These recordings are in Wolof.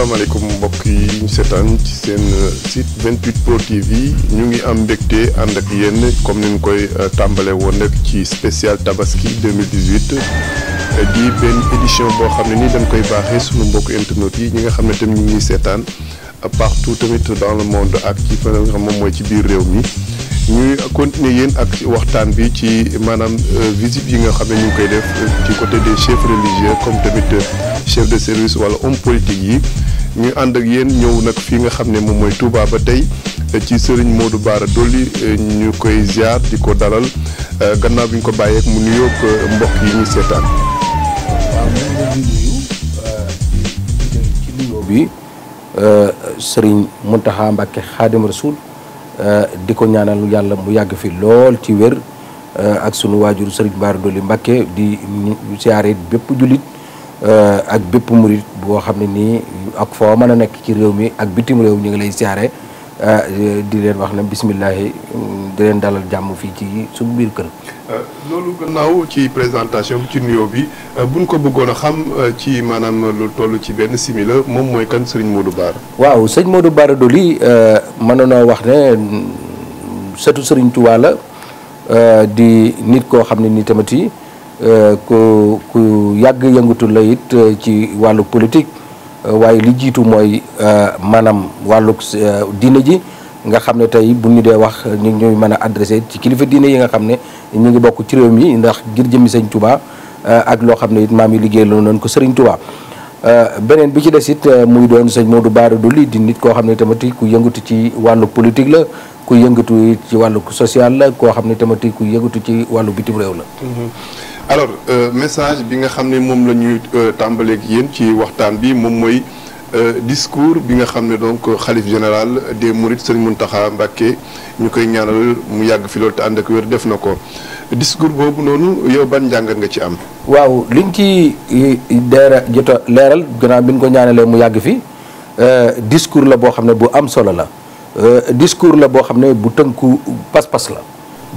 asalaamaaleykum mbokk yi ñu seetaan ci seen euh, vingt 28 Pro TV ñu ngi am mbégte ànd ak yenn comme ni ñu koy euh, tàmbalee woon rek ci spécial tabaski 2018 euh, di benn édition boo xam ne ni dañ koy baaxee sunu mbokk internet yi ñi nga xam ne tamit ñu ngi seetaan partout tamit dans le monde ak ci fa moom mooy ci biir réew mi ñuy continuer yéen ak waxtaan bi ci maanaam visite yi nga xam ne ñu ngi koy def ci côté des chefs religieux comme tamit chef de service wala homme yi ñu ànd ak yéen ñëw nag fii nga xam ne moom mooy Touba ba tey ci moo du baara Dolly ñu koy ziar di ko dalal gannaaw bi ñu ko bàyyeek mu nuyoog mbokk yi ñuy seetaan. waaw maa ngi ci nuyoo bi Serigne Mountakha Mbacké Khadim di ko ñaanal yàlla mu yàgg fi lool ci wér ak sunu waajur Serigne Bara Dolly Mbacké di ziare bépp jullit. Euh, ak bépp murit boo xam ne nii ak foo mën a nekk ci réew mi ak bitim réew ñu ngi lay siyaare euh, di leen wax ne bisimilahi di leen dalal jàmm fii ci suñu biir kër. Euh, loolu gannaaw ci présentation bi ci nuyoo bi buñ ko bëggoon a xam ci maanaam lu toll ci benn simila moom mooy kan sëriñ Modou baar waaw sëñ Modou mën na mënoonoo wax ne sëtu sëriñ Tuubaa la di nit koo xam ne nii tamit. Euh, ku ku yàgg yëngatu la euh, ci wàllu politique euh, waaye li jiitu mooy maanaam wàllu dina ji nga xam ne tey bu ñu dee wax ñu ngi ñuy mën a adressé ci kilifa diine yi nga xam ne ñu ngi bokk ci réew mi ndax ngir jëmmi sëñ tubaa ak loo xam ne it maam yi liggéey loolu noonu ko sëriñ Touba. beneen bi ci des it muy doon sëñ Modou Bara Dolly di nit koo xam ne tamit ku yëngatu ci wàllu politique la ku yëngatu ci wàllu social la koo xam ne tamit ku yëngatu ci wàllu bitim la. Mm-hmm. alors euh, message bi nga xam ne moom la ñuy euh, tàmbaleeg yéen ci waxtaan bi moom mooy euh, discours bi nga xam ne donc euh, xalif général des Mourides Serigne Mountakha Mbacké ñu koy ñaanal mu yàgg fi loolu te ànd ak wér def na ko discours boobu noonu yow ban njàngat nga ci am. waaw liñ ci deera jot a leeral gannaaw bi ñu ko ñaanalee mu yàgg fi discours la boo xam ne bu am solo la discours la boo xam ne bu tënku pas-pas la.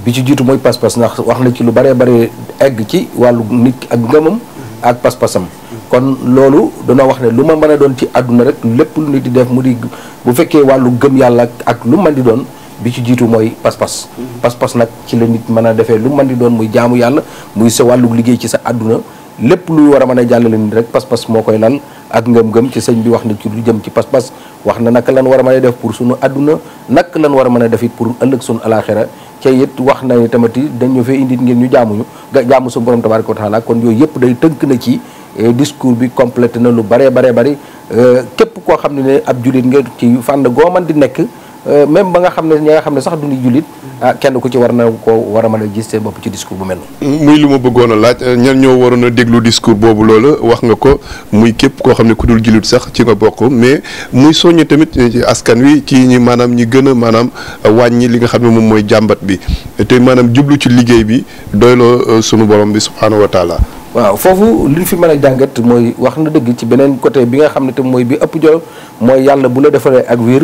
bi ci jiitu mooy pas-pas ndax wax na ci lu bëree bëri egg ci wàllu nit ak ngëmam ak pas-pasam kon loolu danoo wax ne lu ma mën a doon ci àdduna rek lépp lu nit di def mu di bu fekkee wàllu gëm yàlla ak lu mën di doon bi ci jiitu mooy pas-pas pas-pas nag ci la nit mën a defee lu mën di doon muy jaamu yàlla muy sa wàllu liggéey ci sa àdduna lépp luy war a mën a jàllale nit rek pas-pas moo koy lal ak ngëm-ngëm ci sëñ bi wax na ci lu jëm ci pas-pas wax na naka lan war mën def pour sunu àdduna nak lan war a mën a def it pour ëllëg sunu alaxira ca it wax na ne tamit dañu fee indi ngeen ñu jaamuñu nga jaamu sa borom tabaraka wa taala kon yooyu yëpp day tënk na ci eh, discours bi complété na lu baree baree bari eh, képp koo xam ne ne ab jullit nga ci fànn goo man di nekk Euh, même ba nga xam ne ñi nga xam ne sax duñu jullit a ah, kenn ku ci war na ko war a mën a gis seen bopp ci discours bu mel noonu mm, muy lu ma bëggoon laaj euh, ñan ñoo waroon a déglu discours boobu loola wax nga ko muy képp koo xam ne ku dul jullit sax ci nga bokk mais muy soññe tamit euh, askan wi ci ñi maanaam ñi gën a maanaam wàññi li nga xam ne moom mooy jàmbat bi te maanaam jublu ci liggéey bi doyloo sunu borom bi subhaanahu wa waaw foofu li fi mën a jàngat mooy wax na dëgg ci beneen côté bi nga xam ne te mooy bi ëpp jolo mooy yàlla bu la defalee ak wér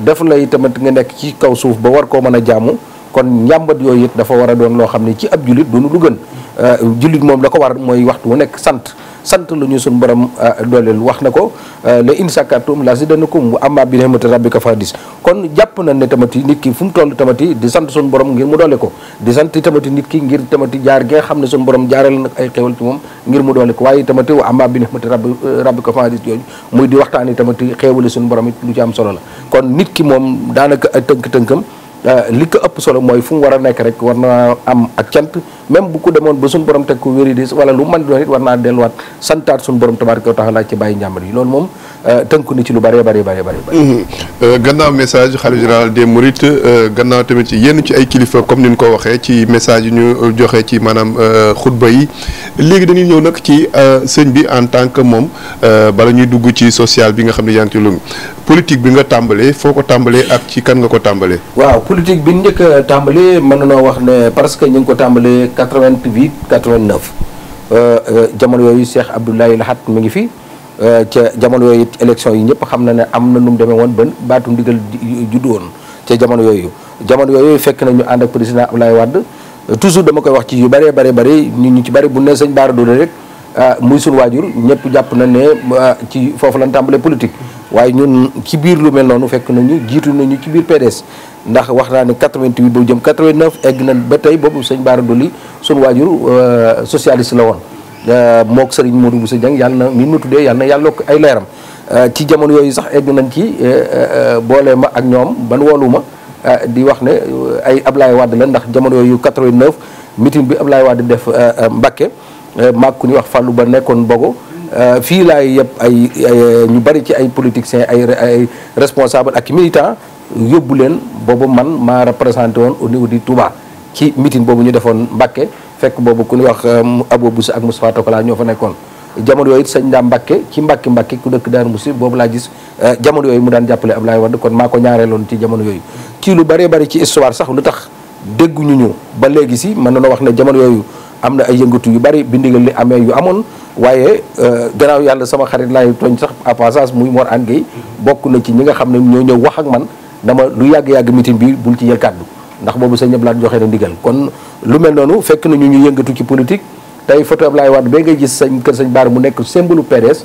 def la itamit nga nekk ci kaw suuf ba war koo mën a jaamu kon njàmbat yooyu it dafa war a doon loo xam ne ci ab jullit doonu nu gën Euh, jullit moom la ko war mooy waxtu wu nekk sant sant lu suñ borom euh, dooleel wax na ko euh, la in sakkartum la zidanakum wa amma bi ni'mati rabbika fahdis kon jàpp na ne tamati nit ki fu mu toll tamati di sant suñu borom ngir mu doole ko di sant tamati nit ki ngir tamati jaar gi xam ne suñu borom jaareel na ay xewal ci moom mu doole ko waaye tamati wa amma bi ni'mati rabbi rabbika fahdis yooyu muy di waxtaani tamati xeewale suñu borom it lu ci am solo la kon nit ki moom daanaka ay tënk-tënkam Euh, li ko ëpp solo mooy fu mu war a nekk rek war naa am ak cant même bu ko demoon ba suñu borom teg ko wéridis wala lu man doon it war naa delluwaat santaat suñu borom tabaaraka wa taala ci bàyyi njàmbat yi loolu moom euh, tënku ni ci lu bëree bëri bëri bëri gannaaw message xalifa général des mourides euh, gannaaw tamit ci yenn ci ay kilifa comme ni nu ko waxee ci message yi ñu joxe ci maanaam xutba yi léegi dañuy ñëw nag ci sëñ bi en tant que moom bala ñuy dugg ci social bi nga xam ne yaa ngi politique bi nga tàmbalee foo ko tàmbalee ak ci kan nga ko tàmbalee politique bi njëkk a tàmbali mën noo wax ne parce que ñu ngi ko tàmbali 88 89 jamono yooyu Cheikh Abdoulaye Lahat mi ngi fi euh, ca jamono yooyu it élection yi ñëpp xam na ne am na nu mu demee woon ba baatu ndigal juddu woon ca jamono yooyu jamono yooyu fekk na ñu ànd ak président Abdoulaye Wade euh, toujours dama koy wax ci yu bëree bëri bëri ñu ñu ci bëri bu ne sañ Bara Dolly rek euh, muy suñu waajur ñëpp jàpp na ne ci foofu lañ tàmbalee politique waaye ñun ci biir lu mel noonu fekk nañu jiitu nañu ci biir PDS ndax wax naa ne 88 ba jëm 89 egg na ba tey boobu sëñ Baara Doli sunu waajur euh, socialiste la woon euh, mook Serigne Modou Bousso Dieng yàlla na mi nu tuddee yàlla na yàlla ko ay leeram euh, ci jamono yooyu sax egg nañ ci boole ma ak ñoom ban woolu ma di wax ne ay Ablaye Wade la ndax jamono yooyu 89 meeting bi Ablaye Wade def Mbacké maag ku ñuy wax Fallou ba nekkoon Bogo. fii laay yëpp ay ñu bari ci ay politiciens ay ay responsable ak militant yóbbu leen boobu man maa représenté woon au niveau di Touba ci meeting boobu ñu defoon Mbacké fekk boobu ku nu wax euh, Abou Boussa ak Moustapha Tokola ñoo fa nekkoon jamono yooyu sëñ daa ci Mbacké Mbacké ku dëkk Daaru Musi boobu laa gis euh, jamono yooyu mu daan jàppale Abdoulaye Wade kon maa ko ñaareeloon ci jamono yooyu ci lu bëree bëri ci histoire sax lu tax dégguñu ñu ba léegi si mën na wax ne jamono yooyu am na ay yëngatu yu bëri bi ndigal li amee yu amoon waaye euh, gannaaw yàlla sama xarit laay tooñ sax à passage muy Mor An Gueye bokk na ci ñi nga xam ne ñoo ñëw wax ak man dama lu yàgg-yàgg meeting bi bul ci jël kàddu ndax boobu sa Abdoulaye joxe na ndigal kon lu mel noonu fekk nañu ñu yëngatu ci politique tey photo Abdoulaye Wade ba ngay gis sëñ kër sëñ Bara nekk symbole PDS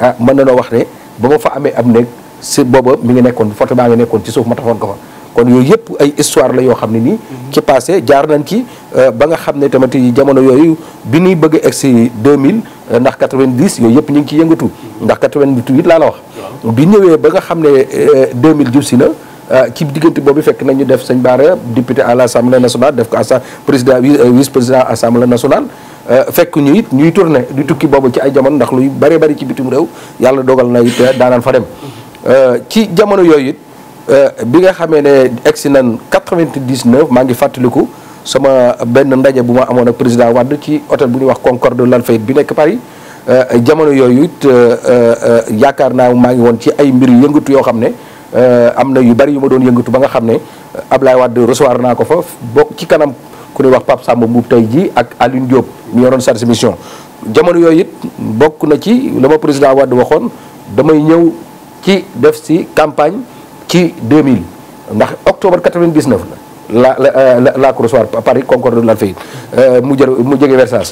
ah mën na noo wax ne ba ma fa amee am nekk si booba mi ngi nekkoon photo baa ngi nekkoon ci suuf ma taxoon ko fa kon yooyu yëpp ay la yoo xam ne nii mhm. ci jaar nañ ci euh, ba nga xam ne tamit jamono yooyu bi ñuy bëgg a egsi 2000 euh, ndax 90 yooyu yëpp ñu ngi ciy yëngatu ndax 88 la wax bi ñëwee ba nga xam ne 2000 euh, jub si na Euh, ci diggante boobu fekk nañu def sëñ Bara député à l' assemblée nationale def ko assa président euh, vice président assemblée nationale. Euh, fekk ñu it ñuy tourné di tukki boobu ci ay jamono ndax luy bëree bëri ci bitim réew yàlla dogal na it daanaan fa dem ci jamono yooyu bi nga xamee ne egsi nan 99 maa ngi fàttaliku sama benn ndaje bu ma amoon ak président Wade ci hôtel bu ñuy wax Concorde l'Alfayda bi nekk Paris jamono yooyu it yaakaar naa maa ngi woon ci ay mbir yëngatu yoo xam ne. Euh, am na yu bari yu ma doon yëngatu ba nga xam ne euh, Ablaye Wade recevoir naa ko fa bokk ci kanam ku ñuy wax Pape Samba Mboup tey jii ak alin Diop mi yoroon chargé mission jamono yooyu it bokk na ci la ma président Wade waxoon damay ñëw ci def si campagne ci 2000 ndax octobre 99 la. la la euh, la ko recevoir Paris Concorde de l'Alfayda mu jë mu jege Versailles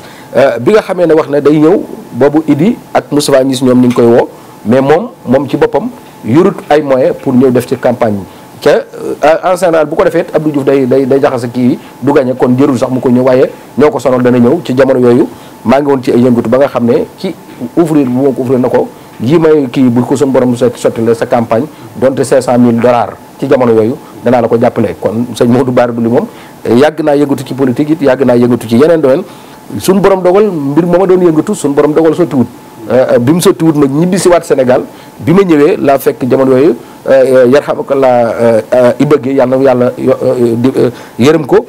bi nga xamee ne wax ne day ñëw boobu iddi ak Moustapha Niasse ñoom ni ñu koy woo mais moom moom ci boppam. yurut ay moyens pour ñëw def ci campagne bi ca euh, en bu ko defee Abdou Diouf day day day jaxase kii yi du gagné kon jërul sax mu ko ñëw waaye ñoo ko sonal dana ñëw ci jamono yooyu maa ngi woon ci ay yëngatu ba nga xam ne ci ouvrir bu ma ko ouvrir na ko yi may kii bu ko suñu borom sotti la sa campagne donte 500000 dollars ci jamono yooyu danaa la ko jàppale kon sañ sëñ bari bu Dolly moom yàgg naa yëngatu ci politique it yàgg naa yëngatu ci yeneen domaine suñu borom dogal mbir mooma doon yëngatu suñu borom dogal sottiwut Euh, bi mu wut ma ñibbi si waat Sénégal bi ma ñëwee laa fekk jamono yooyu euh, yarxamakallah euh, ibëggee yàlla yàlla yërëm ko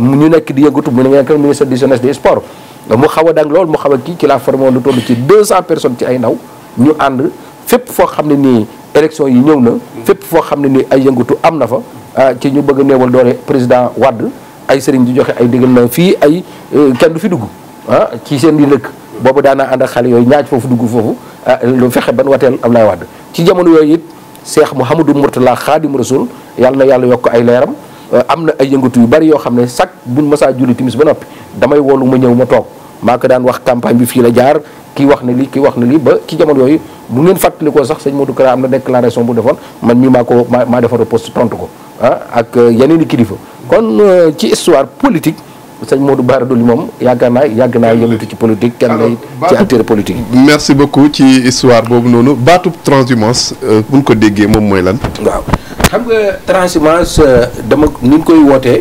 ñu nekk di yëngatu mu nekk ministre du jeunesse des sports mu xaw a dang lool mu xaw a kii ci la formé woon lu toll ci 200 personnes ci ay ndaw ñu ànd fépp foo xam ne nii élection yi ñëw na fépp foo xam ne nii ay yëngatu am na fa ci ñu bëgg a néewal doole président Wade ay sëriñ di joxe ay digal na fii ay kenn du fi dugg ah, ci seen di dëkk boobu daanaa ànd ak xale yooyu ñaaj foofu dugg foofu ah, lu fexe ban wateel Ablaye Wade ci jamono yooyu it Cheikh Mouhamadou Mourtala Khadim Rasoul yàlla na yàlla yokk ay leeram ah, am na ay yëngatu yu bari yoo xam ne chaque buñ mësaa julli timis ba noppi damay woolu ma ñëw ma toog maa ko daan wax campagne bi fii la jaar kii wax ne lii kii wax na lii ba ci jamono yooyu bu ngeen fàttalikoo sax sëñ Modou Kara am na déclaration bu defoon man mii maa ko maa maa defar poste ko ah ak euh, kilifa euh, sëñ Modou Bara Dolly moom yàgg naa yàgg naa yëngatu ci politique kenn lay ci acteur politique merci beaucoup ci histoire boobu noonu baatub transhumance euh, buñ ko déggee moom mooy lan waaw xam nga transhumance euh, dama ni koy wootee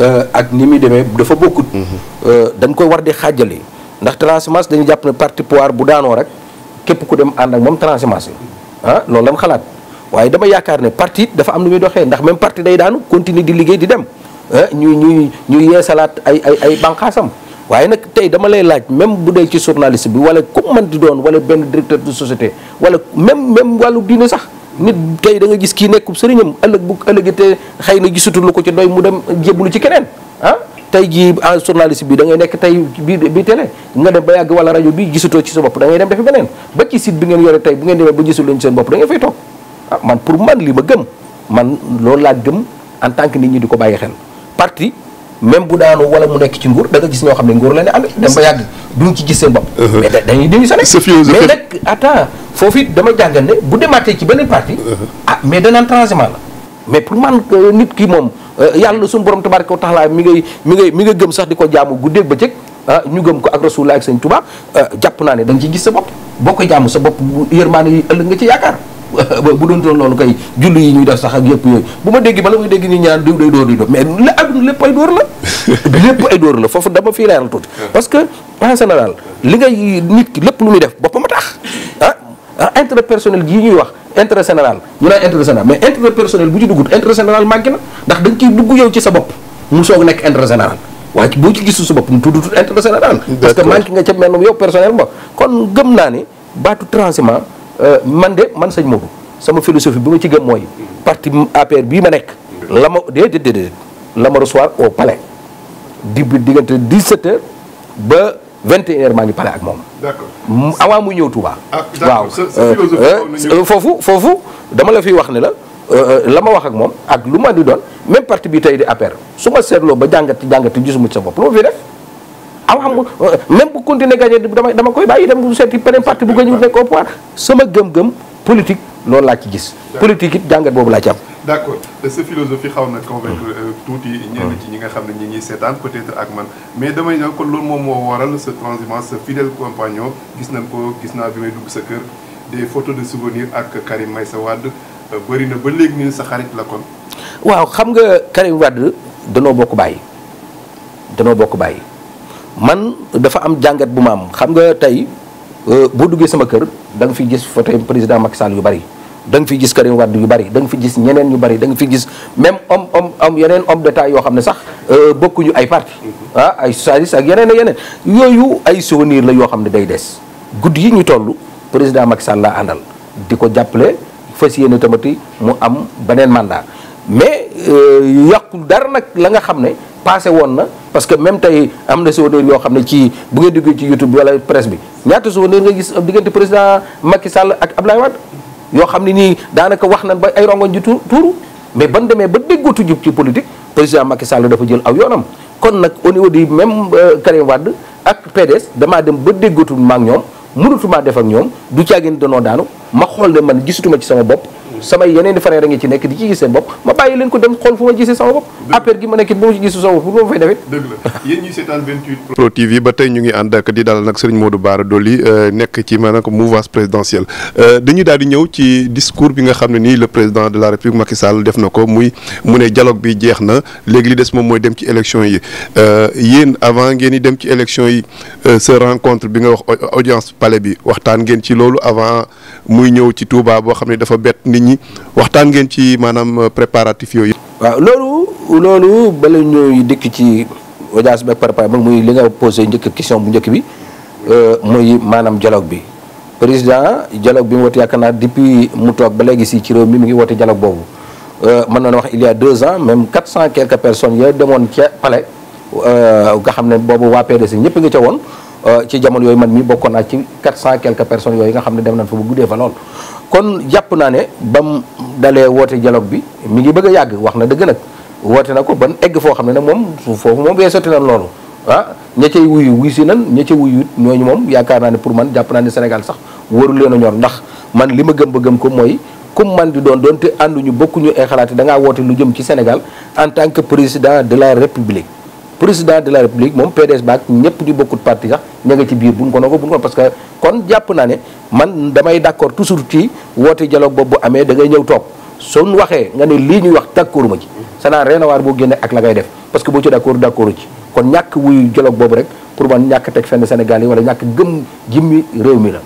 euh, ak ni muy demee dafa bokkut mhm. dañ koy war di xaajale ndax transhumance dañu jàpp ne parti pouvoir bu daanoo rek képp ku dem ànd ak moom transhumance la ah loolu lañ xalaat waaye dama yaakaar ne parti dafa am lu muy doxee ndax même parti day daanu continuer di liggéey di dem ñuy eh, ñuy ñuy yeesalaat ay ay ay bànqaasam waaye nag tey dama lay laaj même bu dee ci journaliste bi wala ku man di doon wala benn directeur de société wala même même wàllu diine sax nit tey da nga gis kii nekkub sëriñam ëllëg bu ëllëgee te xëy na gisutul lu ko ci doy mu dem jébbalu ci keneen ah tey jii en ah, journaliste bi da ngay nekk tey bi bi télé nga dem ba yàgg wala rajo bi gisutoo ci sa bopp da ngay dem defi beneen ba ci site bi ngeen yore tey bu ngeen demee ba gisul seen bopp da ngeen fay ah, man pour man li ma gëm man loolu laa gëm en tant que nit ñi di ko bàyyi xel parti même bu daanu wala mu nekk ci nguur da nga gis ñoo xam ne nguur la ne amee dem ba yàgg duñ ci gis seen bopp uh-huh. mais dañuy démissionné mais nag attends foofu it dama jàngal ne bu demaatee ci beneen parti uh-huh. ah, mais danaan transiment mais pour man euh, nit ki moom euh, yàlla suñu borom tabaaraka wa taala mi ngay mi ngay mi nga gëm sax di ko jaamu guddee ba bëccëg ah, ñu gëm ko ak rasulullah ak sëñ Tuubaa euh, jàpp naa ne danga nga ciy gis sa bopp boo ko jaamu sa bopp yërmaane yi ëllëg nga ci yaakaar bu doon doon loolu kay julli yi ñuy def sax ak yëpp yooyu bu ma dégg bala muy dégg ñu ñaan diw day dóor di dóor mais la àdduna lépp ay dóor la foofu dama fii leeral tuuti parce que en général li ngay nit ki lépp lu muy def boppam a tax ah ah intérêt personnel gi ñuy wax intérêt général ñu naan intérêt général mais intérêt personnel bu ci duggut intérêt général màgg na ndax da nga ciy dugg yow ci sa bopp mu soog nekk intérêt général waaye boo ci gis sa bopp mu tudd tudd intérêt général parce que manqué nga Euh, man de man sañ Modou sama philosophie bi ma ci gën mooy parti APR bii ma nekk. la ma déedéet déedéet la ma recevoir au palais di diggante 17h ba 21h maa ngi palais ak moom. d'accord muy ñëw Touba. Ah, waaw euh, euh, foofu foofu dama la fiy wax ne la. la ma wax ak moom ak lu ma di doon même parti bi tey di APR su ma seetloo ba jàngati jàngati gisuma ci sa bopp lu ma fi def. am xam mem bu continuer gagné dama dama koy bàyyi dem seeti beneen parti bu gagné nekk au pouvoir sama gëm-gëm politique loolu laa ci gis. politique it jàngat boobu laa ci am. d' accord sa philosophie xaw na convaincre mm. euh, tuuti mm. ñenn ci ñi nga xam ne ñi ngi seetaan peut être ak man mais damay ne kon loolu moom moo waral sa transhumance sa fidèle compagnon gis nañ ko gis naa bi may dugg sa kër des photos de souvenir ak Karim Meïssa Wade euh, bëri na ba léegi ñu sa xarit la kon. waaw xam nga Karim Wade danoo bokk bàyyi bokk bàyyi. man dafa am jàngat bu ma am xam nga tey euh, boo duggee sama kër da nga fiy gis photo président Macky Sall yu bari danga nga fiy gis Karim Wade yu bari da nga fi gis ñeneen yu bari da nga fi gis même om om homme yeneen homme d'État yoo xam ne sax euh, bokkuñu ay parti ah ay socialiste ak yeneen a yeneen yooyu ay souvenir la yoo xam ne day des guddi yi ñu toll président Macky Sall laa àndal di ko jàppale fas yéene tamati mu am beneen mandat mais euh, yàqul dara nag la nga xam ne passé woon na parce que même tey am na souvenir yoo xam ne ci bu ngeen duggee ci YouTube wala presse bi ñaata souvenir nga gis diggante président Macky Sall ak Abdoulaye Wade yoo xam ne nii daanaka wax nañ ba ay rongoñ ji tuuru mais ban demee ba déggootu jub ci politique président Macky sàll dafa jël aw yoonam kon nag au niveau du même euh, Karim Wade ak PDS damaa dem ba déggootul maak ñoom mënatumaa def ak ñoom du caagin danoo daanu ma xool ne man gisatuma ci sama bopp samay yeneen i frère a ngi ci nekk di ci gisee bopp ma bàyyi leen ko dem xool fu ma gisee sama bopp affaire gi ma nekkit bu ma ci gisu sama bopp lu ma fay defit dëgg la yéen ñi seetaan 28 Pro TV ba tey ñu ngi ànd ak di dalal nag Serigne Modou Bara Dolly euh, nekk ci maanaam mouvance présidentielle euh, dañuy daal di ñëw ci discours bi nga xam ne nii le président de la République Macky Sall def na ko muy mu ne dialogue bi jeex na léegi li des moom mooy dem ci élection yi euh, yéen avant ngeen di dem ci élection yi se rencontre bi nga wax audience palais bi waxtaan ngeen ci loolu avant muy ñëw ci Touba boo xam ne dafa bett nit ñi waxtaan ngeen ci maanaam euh, préparatif yooyu. waaw loolu loolu bala ñooy dikk ci audience bi préparé ba muy li nga posé njëkk question bu njëkk bi euh, muy maanaam dialogue bi président dialogue bi mu yaakaar naa depuis mu toog ba léegi si ci réew mi mu ngi woote dialogue boobu euh, mën na wax il y a deux ans même quatre cent quelques personnes yooyu demoon ca palais nga xam ne boobu waa PDS ñëpp nga ca woon. Euh, ci jamono yooyu man mi bokkoon naa ci quatre cent quelques personnes yooyu nga xam ne dem nañ fa bu guddee fa lool. kon jàpp naa ne bam dalee woote dialogue bi mi ngi bëgg a yàgg wax na dëgg nag woote na ko ban egg foo xam ne nag moom foofu moom weesati nañ loolu ah ña cay wuyu wuyu si nan ña ca wuyu ñooñu moom yaakaar naa ne pour man jàpp naa ne Sénégal sax waru leen a ñor ndax man li ma gëm ba gëm ko mooy. comme man di doon doonte ñu bokkuñu ay xalaat da ngaa woote lu jëm ci Sénégal en tant que président de la République président de la république moom PDS baak ñëpp di bokkut parti sax ña ci biir buñ ko nangoo buñ ko parce que kon jàpp naa ne man damay d'accord toujours ci woote dialogue boobu bu amee da ñëw toog suñ waxee nga ne lii ñuy wax d'accord ma ci ça n'a rien boo génne ak la ngay def parce que boo ci d'accord d'accord ci kon ñàkk wuyu dialogue boobu rek pour man ñàkk teg fenn Sénégal yi wala ñàkk gëm jimmi réew mi la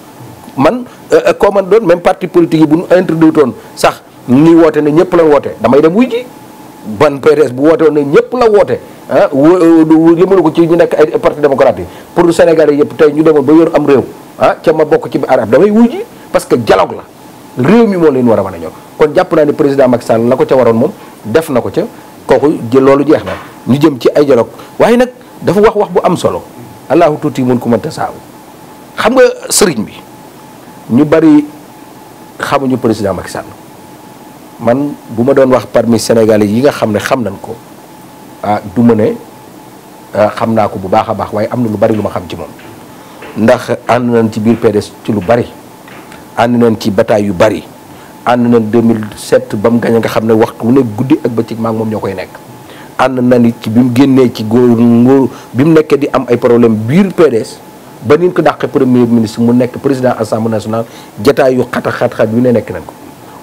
man koo euh, euh, man même parti politique bu ñu introduit woon sax ni woote ne ñëpp la woote damay dem wuy ji ban PDS bu woote woon ne ñëpp la woote ah limalu ko ci ñu nekk ay parti démocrate yi pour Sénégal yi yëpp tey ñu demoon ba yor am réew ah ma bokk ci bi arab damay wuy parce que dialogue la réew mi moo leen war a mën a ñor kon jàpp naa ne président Macky Sall la ko ca waroon moom def na ko ca kooku jël loolu jeex na ñu jëm ci ay dialogue waaye nag dafa wax wax bu am solo allahu tuuti mun ko mënta saabu xam nga sëriñ bi ñu bari xamuñu président Macky Sall man bu ma doon wax parmi sénégalais yi nga xam ne xam nañ ko ah, du ma ne ah, xam naa ko bu baax a baax waaye am na lu bari lu ma xam ci moom ndax ànd nañ ci biir PDS ci lu bari ànd nañ ci bataay yu bari ànd nañ 2007 ba mu nga xam ne waxtu wu ne guddi ak bëccëg moom ñoo koy nekk ànd na nit ci bi mu génnee ci góor nguur bi mu nekkee di am ay problème biir PDS ba ni ko dàqee premier ministre mu nekk président assemblée nationale jataay yu xata xat xat yu ne nekk nañ ko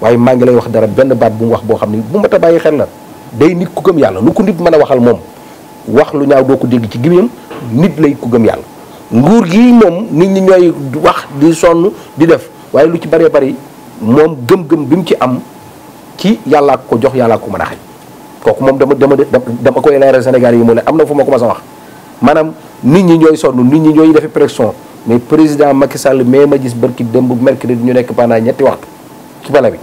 waaye maa ngi lay wax dara benn baat bu mu wax boo xam ni bu ma ta bàyyi xel la day nit ku gëm yàlla lu ko nit mën a waxal moom wax lu ñaaw doo ko dégg ci gémmiñam nit lay ku gëm yàlla nguur gi moom nit ñi ñooy wax di sonn di def waaye lu ci bëree bëri moom gëm-gëm bi mu ci am ci yàllaa ko jox yàlla ko mën a xañ kooku moom dama dama dama koy leeral Sénégal yi mu ne am na fu ma ko mas a wax maanaam nit ñi ñooy sonn nit ñi ñooy defe pression mais président Sall mais ma gis barki démb mercredi ñu nekk pendant ñetti waxtu ci bala bi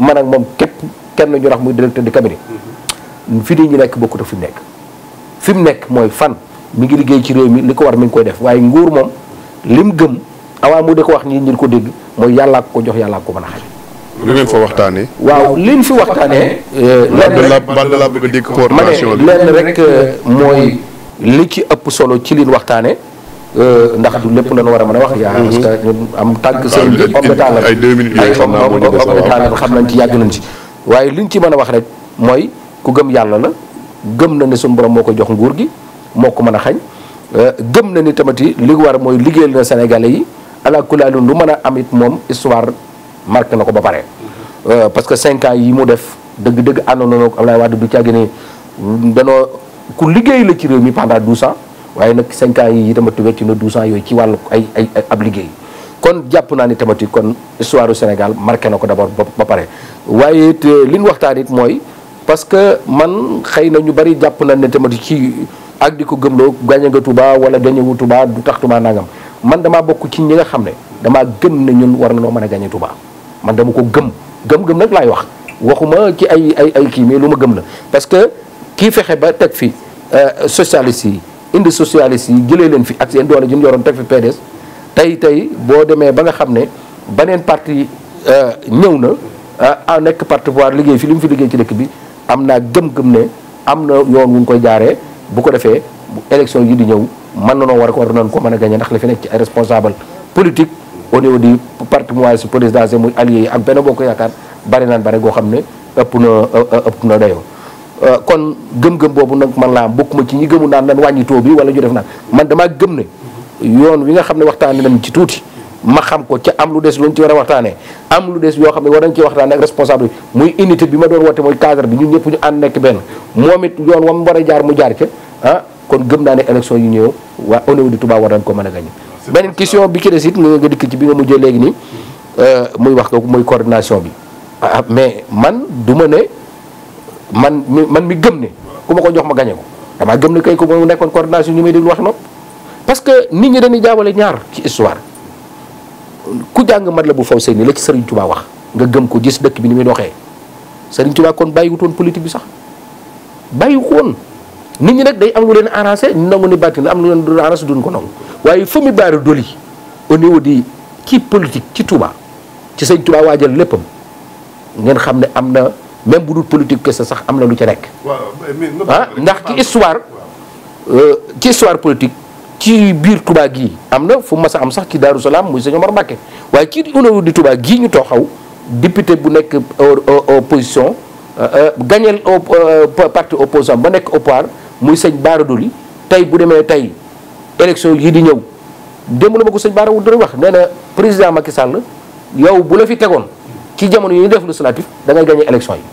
man ak moom képp kenn ñu rax muy directeur de cabinet fi nii ñu nekk bokkut a fi mu nekk fi mu nekk mooy fan mi ngi liggéey ci réew mi li ko war mi ngi koy def waaye nguur moom lim gëm avant mu di ko wax nii ñu ko dégg mooy yàllaa ko jox yàllaa ko mën a xale lu ngeen fa waxtaanee. waaw li ñu fi waxtaanee. Eh, lenn la ban la ko a dégg coordination bi ma ne lenn rek eh, eh, mooy li ci ëpp solo ci liñ waxtaanee. Euh, ndax du lépp lañu war a mën a wax yaa mhm. parce que am tànk sëriñ bi homme d'état la ay deux minutes yooyu xam la xam nañ ci yàgg nañ ci waaye liñ ci mën a wax rek mooy ku gëm yàlla la gëm na ne suñu borom moo ko jox nguur gi moo ko mën a xañ euh, gëm na ni tamati li war mooy liggéeyal na Sénégalais yi ala kulaalin lu man a am it moom histoire marqué na ko ba pare euh, parce que cinq ans yi mu def dëgg-dëgg àndoon na ak Abdoulaye Wade du caagi ne danoo ku liggéey la ci réew mi pendant douze ans waaye nag 5 ans yi tamit ci na 12 ans yooyu ci wàllu ay ay ab liggéey kon jàpp naa ne tamit kon histoire du Sénégal marqué na ko d'abord ba pare waaye it euh, li ñu waxtaan it mooy parce que man xëy na ñu bari jàpp nañ ne tamit ci ak di ko gëmloo gañe nga tubaa wala gañe wu tubaa du tax Touba nangam man damaa bokk ci ñi nga xam ne damaa gëm na ñun war na noo mën a gañe Touba man dama ko gëm gëm-gëm nag laay wax waxuma ci ay ay ay kii mais lu ma gëm la parce que kii fexe ba teg fi euh, socialiste yi indi socialiste yi jëlee leen fi ak seen doole ju ñu yoroon teg fi PDS tey tey boo demee ba nga xam ne beneen parti euh, ñëw na ah nekk parti pouvoir liggéey fi li mu fi liggéey ci dëkk bi am naa gëm-gëm ne am na yoon wu ñu koy jaaree bu ko defee élection yi di ñëw mën na noo war a ko war nañ ko mën a gagné ndax la fi nekk ci ay responsable politique au niveau di parti moyen su présidentiel muy allié yi ak benn boo ko yaakaar bari naan bare goo xam ne ëpp na ëpp na dayoo Euh, kon gëm-gëm boobu nag man laa bokkuma ci ñi gëmu naan lan wàññitoo bi wala ñu def naan man damaa gëm ne yoon wi nga xam ne waxtaane nañ ci tuuti ma xam ko ca am lu des lu ñu ci war a waxtaanee am lu des xam ne war nañ ci waxtaane ak responsable bi muy unité bi ma doon woote mooy cadre bi ñun ñëpp ñu ànd nekk benn moom it yoon wam war a jaar mu jaar ca ah kon gëm naa ne élection yi ñëw waa au niveau du war nañ ko man a gañe beneen question bi ci des it nga dikk ci bi nga mujjee léegi nii euh, muy wax ko muy coordination bi ah, ah mais man du ma ne man mi man mi gëm ne ku ma ko jox ma gañe ko damaa gëm ne kay ku ma nekkoon coordination ñu may déglu wax nopp parce que nit ñi dañuy jaawale ñaar ci histoire ku jàng mat la bu faw seen ni la ci Serigne Touba wax nga gëm ko gis dëkk bi ni muy doxee Serigne Touba kon bàyyiwutoon politique bi sax bàyyiwu ko woon nit ñi nag day am lu leen arrangé ñu nangu ni bàtti na am lu leen arrangé duñ ko nangu waaye fa mu baari doli au di kii politique ci Touba ci Serigne Touba waajal léppam ngeen xam ne am na même bu dul politique kese sax am na lu ci nekk. ah ndax ci histoire euh, ci histoire politique ci biir tubaa gii am na fu mas a am sax ci Darou Salaam muy sëñ Omar Mbacké waaye ci unawu di tubaa gii ñu taxaw député bu nekk opposition euh, euh, gañeel parti opposition ba nekk au muy sëñ Bara Dolly tey bu demee tey élection yi di ñëw démb la ma ko sëñ Bara Dolly wax nee na président Macky Sall yow bu la fi tegoon. ci jamono yi def législatif da ngay gagné élection yi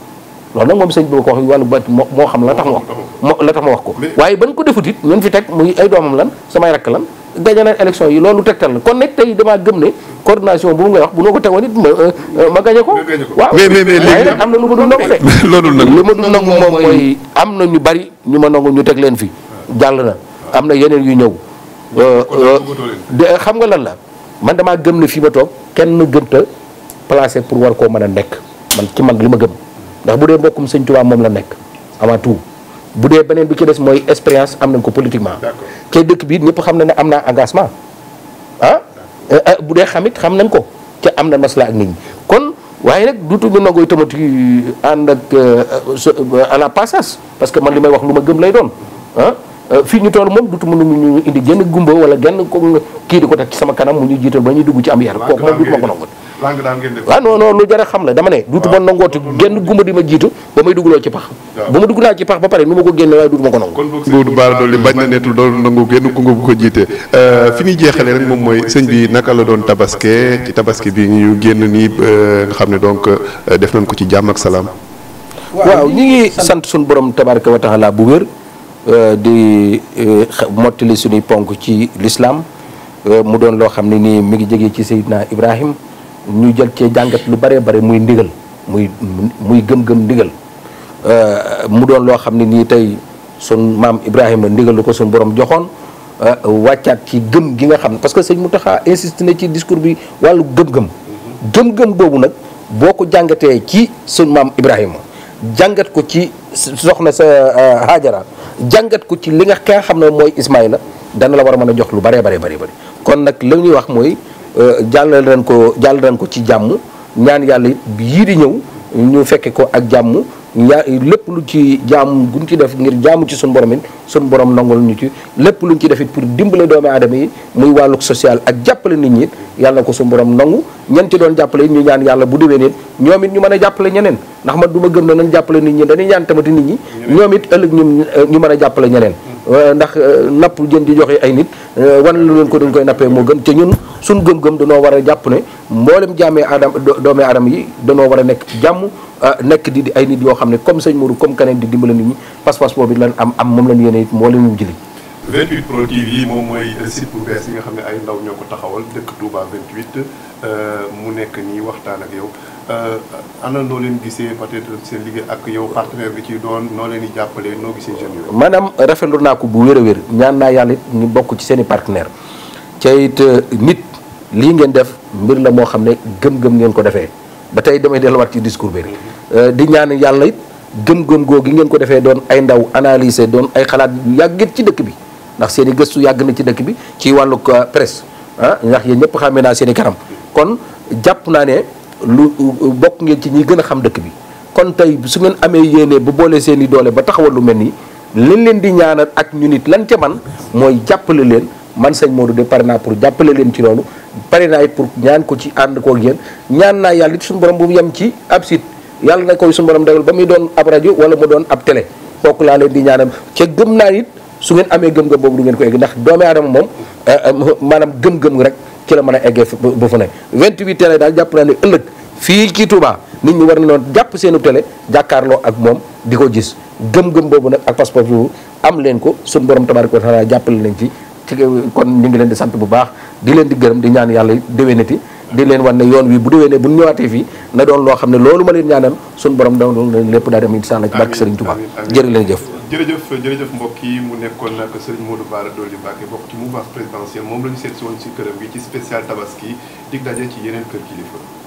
loolu nag moom sëñ bi ko wax wàllu bat moo xam la tax ma wax moo ma wax ko waaye ban ko defut it fi teg muy ay doomam lan samay rakk lan gagné na élection yi loolu tegtal la kon nag tey damaa gëm ne coordination bu mu ngay bu noo ko tegoon it ma euh, euh, ma gagné ko am na lu ma dul nangu loolu nag lu ma dul nangu moom mooy am na ñu bari ñu ma nangu ñu teg leen fi jàll na am na yeneen yu ñëw euh, xam nga lan la man damaa gëm ne fii ma toog kenn gëm placé pour war koo mën a nekk man ci man li ma gëm ndax bu dee mbokkum sëñ Tuubaa moom la nekk avant tout bu dee beneen bi ci des mooy expérience am nañ ko politiquement. ci dëkk bii ñëpp xam na ne am naa engagement ah. Eh, eh, bu dee xamit xam nañ ko ca am na masla ak nit ñi kon waaye nag dutu ñu nangoo tamit ànd ak eh, à la passage parce que man li may wax lu ma gëm lay doon ah. Euh, fii ñu toll moom dutu mënu ñu indi genn gumba wala genn kii di ko teg sama kanam mu ñu jiital ba ñu dugg ci am yar kooku moom dutu ma ko nangoot waaw ah, non non lu jara xam la dama ne duutu ma ah. nangooti genn gumba ma jiitu ba may dugaloo ci pax ah. ba ma dugg pax ba pare nu ma ko génne waaye ko nangu Modou Bara Dolly bañ na netul doon nangu genn bu ko jiite euh, fi ñuy jeexalee rek moom mooy sëñ bi naka la doon tabaske ci tabaske bi ñu génn nii euh, nga xam ne donc def nañ ko ci jàmm ak salaam waaw ñu sant suñu borom tabaraka wa taala bu wér Euh, di euh, mottali suñuy ponk ci lislaam euh, mu doon loo xam ne nii mi ngi jege ci Seydina Ibrahim ñu jël cee jàngat lu bare bare muy ndigal muy muy gëm-gëm ndigal mu doon loo xam ne nii tey sun maam Ibrahima ndigal ko suñ borom joxoon wàccaat ci gëm gi nga xam parce que sëñ Mountakha insiste na ci discours bi wàllu gëm-gëm gëm-gëm boobu nag boo ko jàngatee ci suñ maam Ibrahima jàngat ko ci soxna sa Haajara jàngat ko ci li nga ka xam ne mooy Ismaïla dana la war a mën a jox lu baree baree bëri kon nag li ñuy wax mooy euh, jàllale leen ko jàllale ko ci jàmm ñaan yàlla yii di ñëw ñu fekke ko ak jàmm yaa lépp lu ci jaam guñ ci def ngir jaamu ci suñu borom it suñu borom nangul ñu ci lépp luñ ci def it pour dimbale doomi aadama yi muy wàllug social ak jàppale nit ñi yàlla ko suñu borom nangu ñan ci doon jàppale it ñu ñaan yàlla bu déwénee it ñoomit ñu mën a jàppale ñeneen ndax man du ma gëm ne nañ jàppale nit ñi dañuy ñaan tamati nit ñi ñoomit ëllëg ñu eh, ñu mën a jàppale ñeneen Euh, ndax euh, napp jën di joxe ay nit euh, wan lu leen ko dañ koy nappee moo gën te ñun suñ gëm-gëm danoo war a jàpp ne mboolem jaamee aadama doome aadama yi danoo war a nekk jàmm nekk di di ay nit yoo xam ne comme sëñ Mourou comme keneen di dimbale nit ñi pas-pas boobu lan am am moom lañ yéene it moo leen ñu jëli 28 Pro TV moom mooy site bu bees yi nga xam ne ay ndaw ñoo ko taxawal dëkk Touba 28 mu nekk nii waxtaan ak yow Euh, ana noo leen gisee peut-être seen liggéey ak yow partenaire bi ci doon noo leen di jàppalee noo gisee jeunes yooyu. maanaam rafetlu naa ko bu wér a wér ñaan naa yàlla it ñu bokk ci seeni i partenaire ca it euh, nit lii ngeen def mbir la moo xam ne gën gëm ngeen ko defee ba tey damay delluwaat ci discours bi euh, di ñaan yàlla it gëm-gëm goo gi ngeen ko defee doon ay ndaw analyser doon ay xalaat yàggit ci dëkk bi ndax seen i gëstu yàgg na ci dëkk bi ci wàllu presse ah ndax yéen ñëpp xàmmee naa lu bokk ngeen ci ñi gën a xam dëkk bi kon tey su ngeen amee yéene bu boole seen i doole ba taxawal lu mel nii leen leen di ñaanal ak ñu nit lan ca man mooy jàppale leen man sëñ Modou de pare naa pour jàppale leen ci loolu pare naa pour ñaan ko ci ànd koog yéen ñaan naa yàlla it suñu borom bu mu yem ci ab site yàlla na koy suñu borom dawal ba muy doon ab rajo wala mu doon ab télé bokk laa leen di ñaanal ca gëm naa it su ngeen amee gëm-gëm boobu du ngeen ko egg ndax doomu aadama moom eh, eh, maanaam gëm-gëm rek ci la mën a eggee ba fu ne 28 télé daal jàpp naa ne ëllëg fii ci Touba nit ñi war na noon jàpp seenu tele jàkkaarloo ak moom di ko gis gëm-gëm boobu nag ak passeport boobu am leen ko suñu borom tabaaraka wa taala jàppale nañ ci ci kon ñu ngi leen di sant bu baax di leen di gërëm di ñaan yàlla déwénati di leen wan ne yoon wi bu déwénee bu ñëwaatee fii na doon loo xam ne loolu ma leen ñaanal suñu borom doon lépp daal dem incha allah ci barke jëf jërëjëf jërëjëf mbokk yi mu nekkoon nag Serigne Modou Bara Dolly Mbacké bokk ci mouvance présidentielle moom la ñu seet si woon si këram gi ci spécial tabaski dig daje ci yeneen kër kilifa